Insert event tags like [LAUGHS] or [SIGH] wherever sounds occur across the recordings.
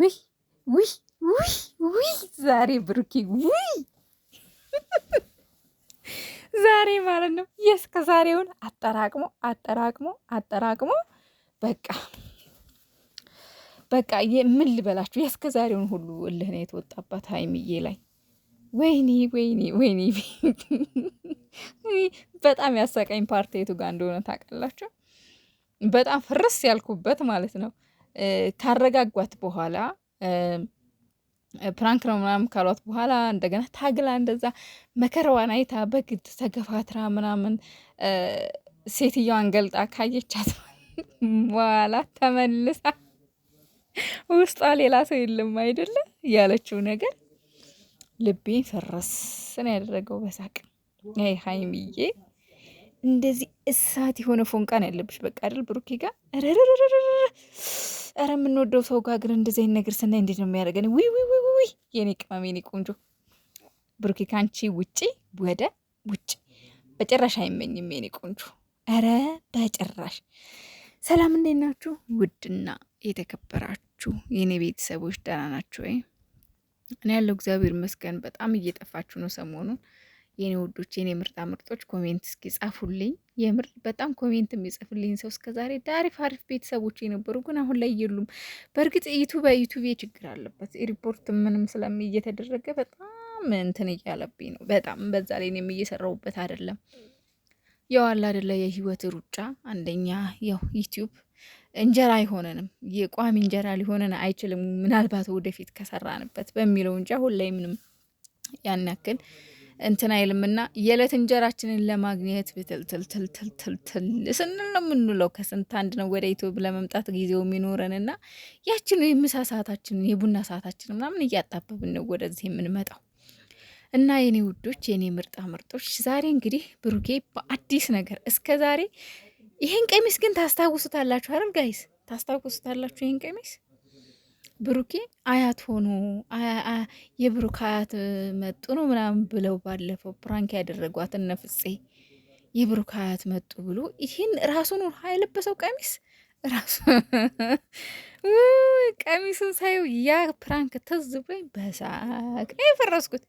ውይ ውይ ውይ ውይ! ዛሬ ብሩኬ ውይ! ዛሬ ማለት ነው የእስከ ዛሬውን አጠራቅሞ አጠራቅሞ አጠራቅሞ በቃ በቃ ምን ልበላችሁ፣ የእስከ ዛሬውን ሁሉ እልህ ነው የተወጣባት ሀይሚዬ ላይ። ወይኔ ወይኔ ወይኔ! በጣም ያሳቀኝ ፓርቴቱ ጋር እንደሆነ ታውቃላችሁ፣ በጣም ፍርስ ያልኩበት ማለት ነው ካረጋጓት በኋላ ፕራንክ ነው ምናምን ካሏት በኋላ እንደገና ታግላ እንደዛ መከራዋን አይታ በግድ ተገፋትራ ምናምን ሴትዮዋን ገልጣ ካየቻት [LAUGHS] በኋላ ተመልሳ ውስጧ ሌላ ሰው የለም አይደለ ያለችው ነገር ልቤን ፈረስን ያደረገው በሳቅ ይሄ ሀይሚዬ እንደዚህ እሳት የሆነ ፎንቃን ያለብሽ በቃ አይደል ብሩኬ ጋር ረ የምንወደው ሰው ጋር ግን እንደዚህ አይነት ነገር ስናይ እንዴት ነው የሚያደርገን? ዊዊዊዊ የኔ ቅመም የኔ ቆንጆ ብሩኬ ካንቺ ውጪ ወደ ውጭ በጭራሽ አይመኝም የኔ ቆንጆ ረ በጭራሽ። ሰላም እንዴት ናችሁ? ውድና የተከበራችሁ የእኔ ቤተሰቦች ደህና ናችሁ ወይ? እኔ ያለው እግዚአብሔር ይመስገን። በጣም እየጠፋችሁ ነው ሰሞኑን የኔ ውዶች፣ የኔ ምርጣ ምርጦች ኮሜንት እስኪ ጻፉልኝ። የምር በጣም ኮሜንት የሚጽፍልኝ ሰው እስከዛሬ ዳሪፍ አሪፍ ቤተሰቦች የነበሩ ግን አሁን ላይ የሉም። በእርግጥ ዩቱበ ዩቱቤ ችግር አለበት ሪፖርት ምንም ስለም እየተደረገ በጣም እንትን እያለብኝ ነው። በጣም በዛ ላይ እኔም እየሰራሁበት አይደለም። ያው አለ አይደለ የህይወት ሩጫ አንደኛ ያው ዩቲዩብ እንጀራ አይሆነንም፣ የቋሚ እንጀራ ሊሆነን አይችልም። ምናልባት ወደፊት ከሰራንበት በሚለው እንጂ አሁን ላይ ምንም ያን ያክል እንትን አይልምና የዕለት እንጀራችንን ለማግኘት ብትልትልትልትልትል ስንል ነው የምንውለው። ከስንት አንድ ነው ወደ ኢትዮጵያ ለመምጣት ጊዜው የሚኖረንና ያችን የምሳ ሰዓታችንን የቡና ሰዓታችንን ምናምን እያጣበብን ነው ወደዚህ የምንመጣው። እና የኔ ውዶች፣ የኔ ምርጣ ምርጦች ዛሬ እንግዲህ ብሩኬ በአዲስ ነገር እስከ ዛሬ ይሄን ቀሚስ ግን ታስታውሱታላችሁ አይደል? ጋይስ ታስታውሱታላችሁ ይህን ቀሚስ ብሩኬ አያት ሆኖ የብሩክ አያት መጡ ነው ምናምን ብለው ባለፈው ፕራንክ ያደረጓት እነፍፄ የብሩክ አያት መጡ ብሎ ይህን ራሱን ውሃ የለበሰው ቀሚስ ራሱ [LAUGHS] ቀሚሱን ሳየው ያ ፕራንክ ትዝ ብሎኝ በሳቅ የፈረስኩት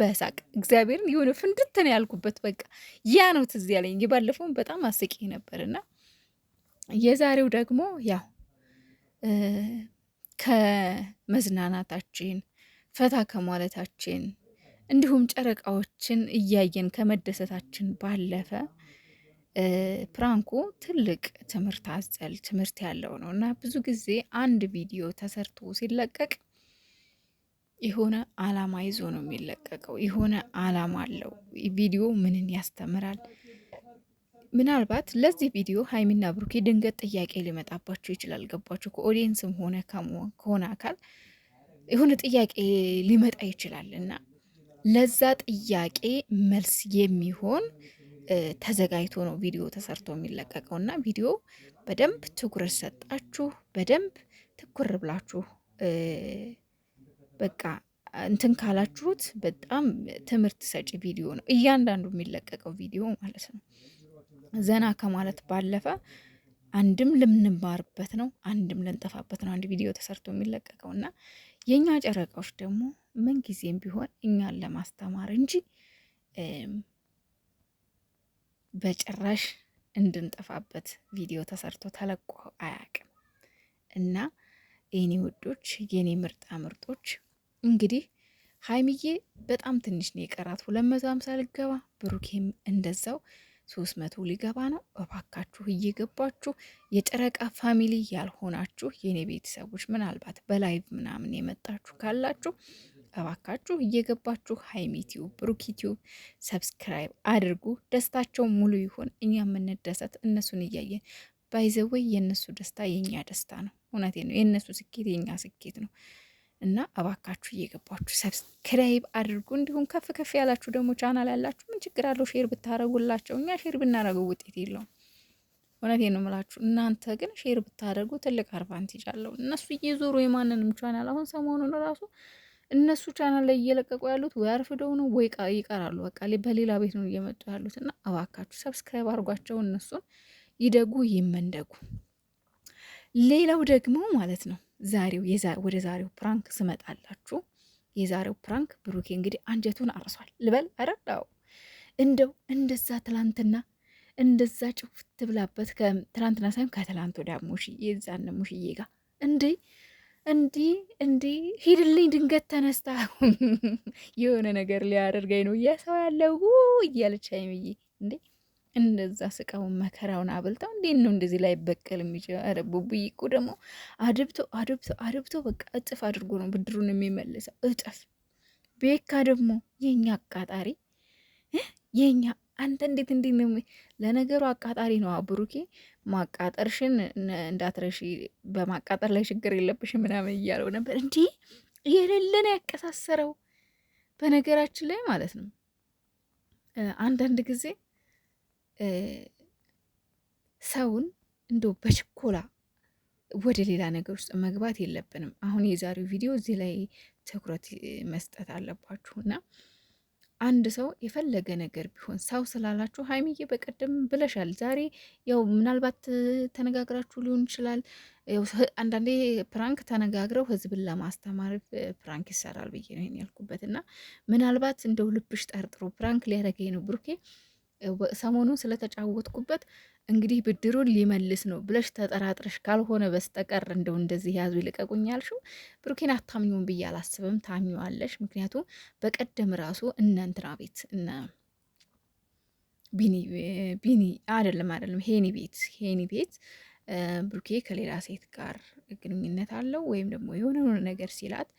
በሳቅ እግዚአብሔርን የሆነ ፍንድትን ያልኩበት በቃ ያ ነው ትዝ ያለኝ። የባለፈውን በጣም አስቂ ነበርና የዛሬው ደግሞ ያው ከመዝናናታችን ፈታ ከማለታችን እንዲሁም ጨረቃዎችን እያየን ከመደሰታችን ባለፈ ፕራንኩ ትልቅ ትምህርት አዘል ትምህርት ያለው ነው እና ብዙ ጊዜ አንድ ቪዲዮ ተሰርቶ ሲለቀቅ የሆነ አላማ ይዞ ነው የሚለቀቀው። የሆነ አላማ አለው። ቪዲዮ ምንን ያስተምራል? ምናልባት ለዚህ ቪዲዮ ሀይሚና ብሩኬ ድንገት ጥያቄ ሊመጣባቸው ይችላል። ገባቸው ከኦዲየንስም ሆነ ከሆነ አካል የሆነ ጥያቄ ሊመጣ ይችላል እና ለዛ ጥያቄ መልስ የሚሆን ተዘጋጅቶ ነው ቪዲዮ ተሰርቶ የሚለቀቀው እና ቪዲዮ በደንብ ትኩረት ሰጣችሁ በደንብ ትኩር ብላችሁ በቃ እንትን ካላችሁት በጣም ትምህርት ሰጪ ቪዲዮ ነው እያንዳንዱ የሚለቀቀው ቪዲዮ ማለት ነው። ዘና ከማለት ባለፈ አንድም ልምንማርበት ነው፣ አንድም ልንጠፋበት ነው። አንድ ቪዲዮ ተሰርቶ የሚለቀቀው እና የእኛ ጨረቃዎች ደግሞ ምንጊዜም ቢሆን እኛን ለማስተማር እንጂ በጭራሽ እንድንጠፋበት ቪዲዮ ተሰርቶ ተለቆ አያቅም። እና የኔ ውዶች፣ የኔ ምርጣ ምርጦች እንግዲህ ሀይሚዬ በጣም ትንሽ ነው የቀራት ሁለት መቶ ሀምሳ ልገባ ብሩኬም እንደዛው ሶስት መቶ ሊገባ ነው። እባካችሁ እየገባችሁ የጨረቃ ፋሚሊ ያልሆናችሁ የኔ ቤተሰቦች ምናልባት በላይቭ ምናምን የመጣችሁ ካላችሁ እባካችሁ እየገባችሁ ሀይሚ ቲዩብ፣ ብሩክ ቲዩብ ሰብስክራይብ አድርጉ። ደስታቸው ሙሉ ይሆን፣ እኛ የምንደሰት እነሱን እያየን ባይዘወይ የእነሱ ደስታ የእኛ ደስታ ነው። እውነቴ ነው። የእነሱ ስኬት የእኛ ስኬት ነው። እና እባካችሁ እየገባችሁ ሰብስክራይብ አድርጉ። እንዲሁም ከፍ ከፍ ያላችሁ ደግሞ ቻናል ያላችሁ ምን ችግር አለው ሼር ብታደረጉላቸው። እኛ ሼር ብናደረገው ውጤት የለውም። እውነቴን ነው የምላችሁ። እናንተ ግን ሼር ብታደረጉ ትልቅ አድቫንቴጅ አለው። እነሱ እየዞሩ የማንንም ቻናል አሁን ሰሞኑን ራሱ እነሱ ቻናል ላይ እየለቀቁ ያሉት ወይ አርፍደው ነው ወይ ይቀራሉ። በቃ በሌላ ቤት ነው እየመጡ ያሉት እና እባካችሁ ሰብስክራይብ አድርጓቸው። እነሱን ይደጉ ይመንደጉ። ሌላው ደግሞ ማለት ነው ዛሬው ወደ ዛሬው ፕራንክ ስመጣላችሁ የዛሬው ፕራንክ ብሩኬ እንግዲህ አንጀቱን አርሷል ልበል አረዳው እንደው እንደዛ ትላንትና እንደዛ ጭፍ ትብላበት ትላንትና ሳይሆን ከትላንት ወዲያ ሙሽዬ የዛን ሙሽዬ ጋር እንዴ እንዲ እንዲ ሂድልኝ ድንገት ተነስታ የሆነ ነገር ሊያደርገኝ ነው እያሰው ያለው እያለች አይምዬ እንዴ እንደዛ ስቃውን መከራውን አብልተው እንዴት ነው እንደዚህ ላይ በቀል የሚችለው? አረ ቡቡዬ እኮ ደግሞ አድብቶ አድብቶ አድብቶ በቃ እጥፍ አድርጎ ነው ብድሩን የሚመልሰው እጥፍ። ቤካ ደግሞ የኛ አቃጣሪ የኛ አንተ እንዴት እንዴት ነው ለነገሩ አቃጣሪ ነው አብሩኬ። ማቃጠርሽን እንዳትረሺ፣ በማቃጠር ላይ ችግር የለብሽ ምናምን እያለው ነበር። እንዲህ የሌለን ያቀሳሰረው በነገራችን ላይ ማለት ነው አንዳንድ ጊዜ ሰውን እንደው በችኮላ ወደ ሌላ ነገር ውስጥ መግባት የለብንም። አሁን የዛሬው ቪዲዮ እዚህ ላይ ትኩረት መስጠት አለባችሁ እና አንድ ሰው የፈለገ ነገር ቢሆን ሰው ስላላችሁ ሀይሚዬ በቀደም ብለሻል። ዛሬ ያው ምናልባት ተነጋግራችሁ ሊሆን ይችላል። አንዳንዴ ፕራንክ ተነጋግረው ህዝብን ለማስተማር ፕራንክ ይሰራል ብዬ ነው ያልኩበት እና ምናልባት እንደው ልብሽ ጠርጥሮ ፕራንክ ሊያደርገኝ ነው ብሩኬ ሰሞኑን ስለተጫወትኩበት እንግዲህ ብድሩን ሊመልስ ነው ብለሽ ተጠራጥረሽ ካልሆነ በስተቀር እንደው እንደዚህ ያዙ ይልቀቁኝ ያልሽው ብሩኬን አታምኙም ብዬ አላስብም። ታምኘዋለሽ። ምክንያቱም በቀደም ራሱ እነ እንትና ቤት እነ ቢኒ ቢኒ አይደለም አይደለም ሄኒ ቤት ሄኒ ቤት ብሩኬ ከሌላ ሴት ጋር ግንኙነት አለው ወይም ደግሞ የሆነ ነገር ሲላት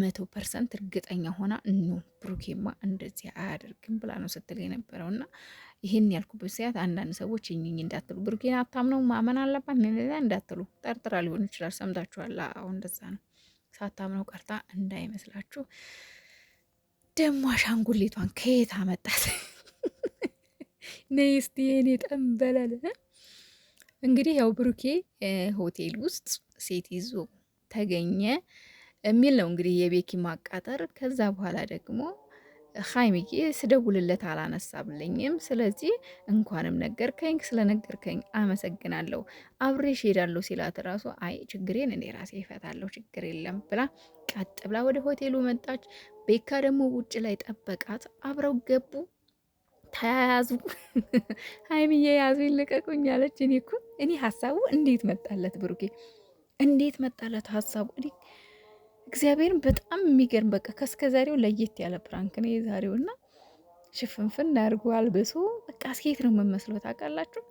መቶ ፐርሰንት እርግጠኛ ሆና ኖ ብሩኬማ እንደዚህ አያደርግም ብላ ነው ስትል የነበረው እና ይህን ያልኩበት ሰዓት አንዳንድ ሰዎች እኝኝ እንዳትሉ ብሩኬን አታምነው ማመን አለባት እንዳትሉ ጠርጥራ ሊሆን ይችላል። ሰምታችኋል። አሁን እንደዛ ነው። ሳታምነው ቀርታ እንዳይመስላችሁ። ደግሞ አሻንጉሊቷን ከየት አመጣት? ነይ እስቲ የኔ ጠንበለል። እንግዲህ ያው ብሩኬ ሆቴል ውስጥ ሴት ይዞ ተገኘ። የሚል ነው እንግዲህ የቤኪ ማቃጠር። ከዛ በኋላ ደግሞ ሀይሚዬ ስደውልለት አላነሳብልኝም። ስለዚህ እንኳንም ነገርከኝ፣ ስለነገርከኝ አመሰግናለሁ፣ አብሬሽ ሄዳለሁ ሲላት ራሱ አይ ችግሬን እኔ ራሴ ይፈታለሁ፣ ችግር የለም ብላ ቀጥ ብላ ወደ ሆቴሉ መጣች። ቤካ ደግሞ ውጭ ላይ ጠበቃት። አብረው ገቡ፣ ተያያዙ። [LAUGHS] ሀይሚዬ ያዙ ይልቀቁኝ አለች። እኔ እኮ እኔ ሀሳቡ እንዴት መጣለት ብሩኬ፣ እንዴት መጣለት ሀሳቡ እኔ እግዚአብሔርን በጣም የሚገርም በቃ ከእስከ ዛሬው ለየት ያለ ፕራንክ ነው የዛሬው እና ሽፍንፍን አድርጎ አልብሶ በቃ ሴት ነው የምመስለው ታውቃላችሁ።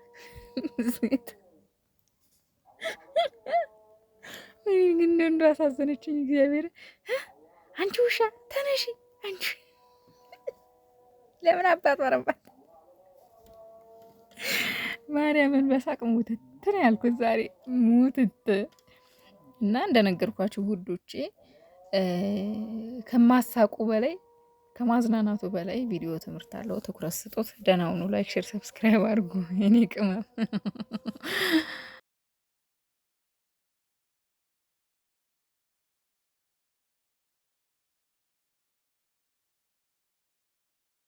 ሴት ግን እንደ አሳዘነችኝ። እግዚአብሔር አንቺ ውሻ ተነሺ አንቺ ለምን አባት ማርያምን በሳቅ ሙትት ነው ያልኩት ዛሬ ሙትት እና እንደነገርኳችሁ ውዶቼ ከማሳቁ በላይ ከማዝናናቱ በላይ ቪዲዮ ትምህርት አለው። ትኩረት ስጡት። ደህና ሁኑ። ላይክ፣ ሼር፣ ሰብስክራይብ አድርጉ። እኔ ቅመም